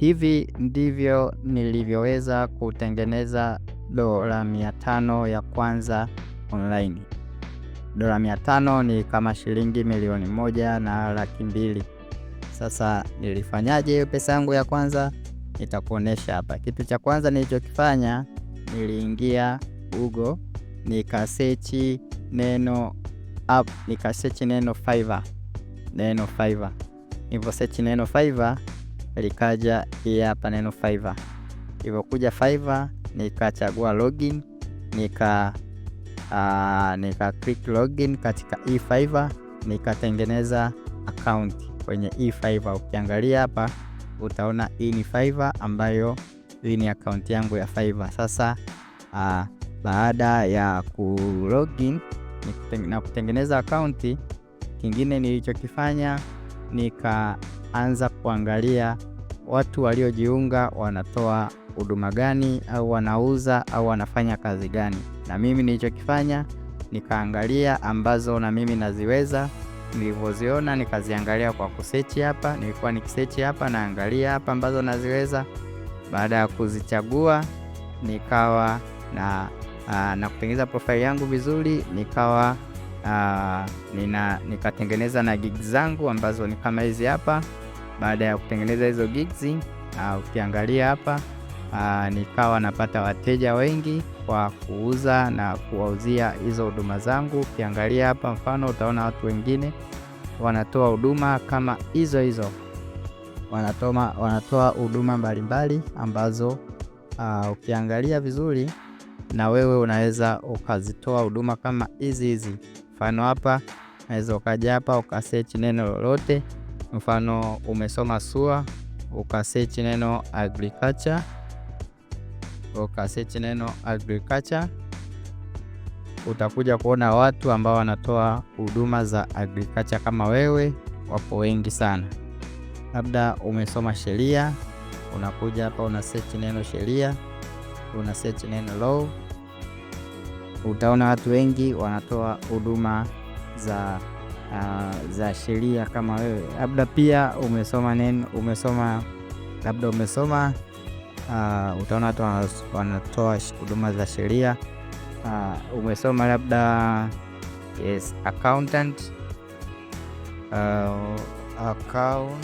Hivi ndivyo nilivyoweza kutengeneza dola mia tano ya kwanza online. Dola mia tano ni kama shilingi milioni moja na laki mbili. Sasa nilifanyaje hiyo pesa yangu ya kwanza? nitakuonyesha hapa. Kitu cha kwanza nilichokifanya, niliingia Google nikasechi neno app, nikasechi neno Fiverr, neno Fiverr. Niliposechi neno Fiverr likaja hii hapa neno Fiverr. Ilivyokuja Fiverr, nikachagua login nika uh, nika click login katika hii nikatengeneza account kwenye hii Ukiangalia hapa utaona hii ni Fiverr ambayo hii ni account yangu ya Fiverr. Sasa uh, baada ya ku login na kutengeneza account, kingine nilichokifanya nika anza kuangalia watu waliojiunga wanatoa huduma gani au wanauza au wanafanya kazi gani. Na mimi nilichokifanya nikaangalia ambazo na mimi naziweza, nilivyoziona nikaziangalia kwa kusechi hapa. Nilikuwa nikisechi hapa, naangalia hapa ambazo naziweza. Baada ya kuzichagua nikawa na aa, ah, na kutengeneza profile yangu vizuri, nikawa aa, ah, nina nikatengeneza na gigs zangu ambazo ni kama hizi hapa. Baada ya kutengeneza hizo gigs, ah, ukiangalia hapa ah, nikawa napata wateja wengi kwa kuuza na kuwauzia hizo huduma zangu. Ukiangalia hapa mfano, utaona watu wengine wanatoa huduma kama hizo hizo, wanatoa wanatoa huduma mbalimbali ambazo uh, ukiangalia vizuri na wewe unaweza ukazitoa huduma kama hizi hizi. Mfano hapa unaweza ukaja hapa ukasearch neno lolote Mfano umesoma SUA ukasearch neno agriculture, ukasearch neno agriculture, utakuja kuona watu ambao wanatoa huduma za agriculture kama wewe, wapo wengi sana. Labda umesoma sheria, unakuja hapa una search neno sheria, una search neno law, utaona watu wengi wanatoa huduma za uh, za sheria kama wewe labda pia umesoma neno, umesoma labda umesoma uh, utaona watu wanatoa huduma za sheria uh, umesoma labda yes, accountant uh, accountant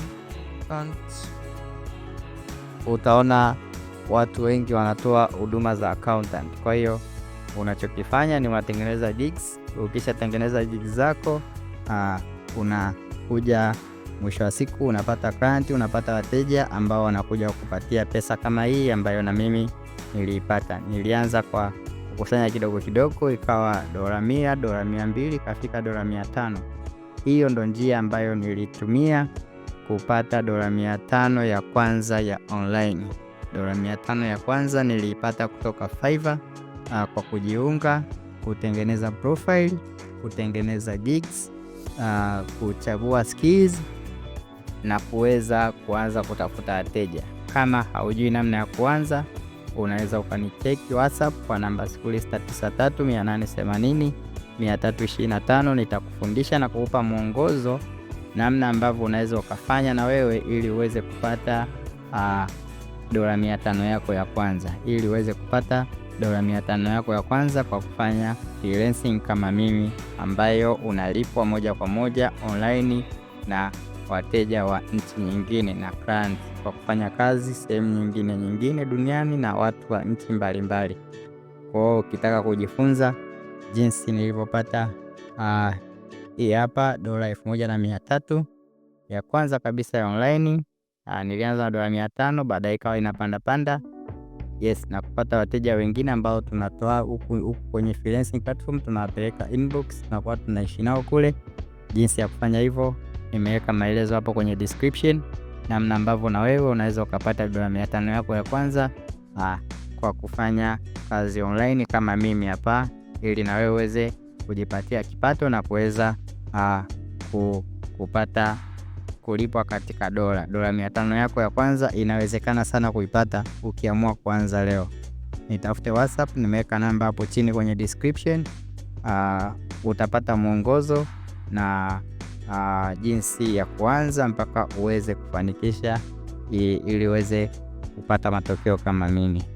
utaona watu wengi wanatoa huduma za accountant. Kwa hiyo unachokifanya ni unatengeneza jigs. Ukishatengeneza jigs zako uh, ah, unakuja mwisho wa siku unapata client, unapata wateja ambao wanakuja kukupatia pesa kama hii ambayo na mimi niliipata. Nilianza kwa kukusanya kidogo kidogo, ikawa dola mia, dola mia mbili, kafika dola mia tano. Hiyo ndo njia ambayo nilitumia kupata dola mia tano ya kwanza ya online. Dola mia tano ya kwanza niliipata kutoka Fiverr ah, kwa kujiunga, kutengeneza profile, kutengeneza gigs uh, kuchagua skills na kuweza kuanza kutafuta wateja. Kama haujui namna ya kuanza, unaweza ukanicheki WhatsApp kwa namba 0693880325 nitakufundisha na kukupa mwongozo namna ambavyo unaweza ukafanya na wewe ili uweze kupata uh, dola mia tano yako ya kwanza ili uweze kupata dola mia tano yako ya kwanza kwa kufanya freelancing kama mimi, ambayo unalipwa moja kwa moja online na wateja wa nchi nyingine na client kwa kufanya kazi sehemu nyingine nyingine duniani na watu wa nchi mbalimbali. Kwa hiyo ukitaka kujifunza jinsi nilivyopata uh, hii hapa dola elfu moja na mia tatu ya kwanza kabisa ya online. Uh, nilianza na dola mia tano baadaye ikawa inapanda panda, panda Yes, na kupata wateja wengine ambao tunatoa huku huku kwenye freelancing platform, tunawapeleka inbox, kwa tunaishi nao kule. Jinsi ya kufanya hivyo nimeweka maelezo hapo kwenye description, namna ambavyo na wewe unaweza ukapata dola mia tano yako ya kwanza aa, ah, kwa kufanya kazi online kama mimi hapa, ili na wewe uweze kujipatia kipato na kuweza ah, kupata kulipwa katika dola. Dola mia tano yako ya kwanza inawezekana sana kuipata ukiamua kuanza leo. Nitafute WhatsApp, nimeweka namba hapo chini kwenye description. Uh, utapata mwongozo na uh, jinsi ya kuanza mpaka uweze kufanikisha ili uweze kupata matokeo kama mimi.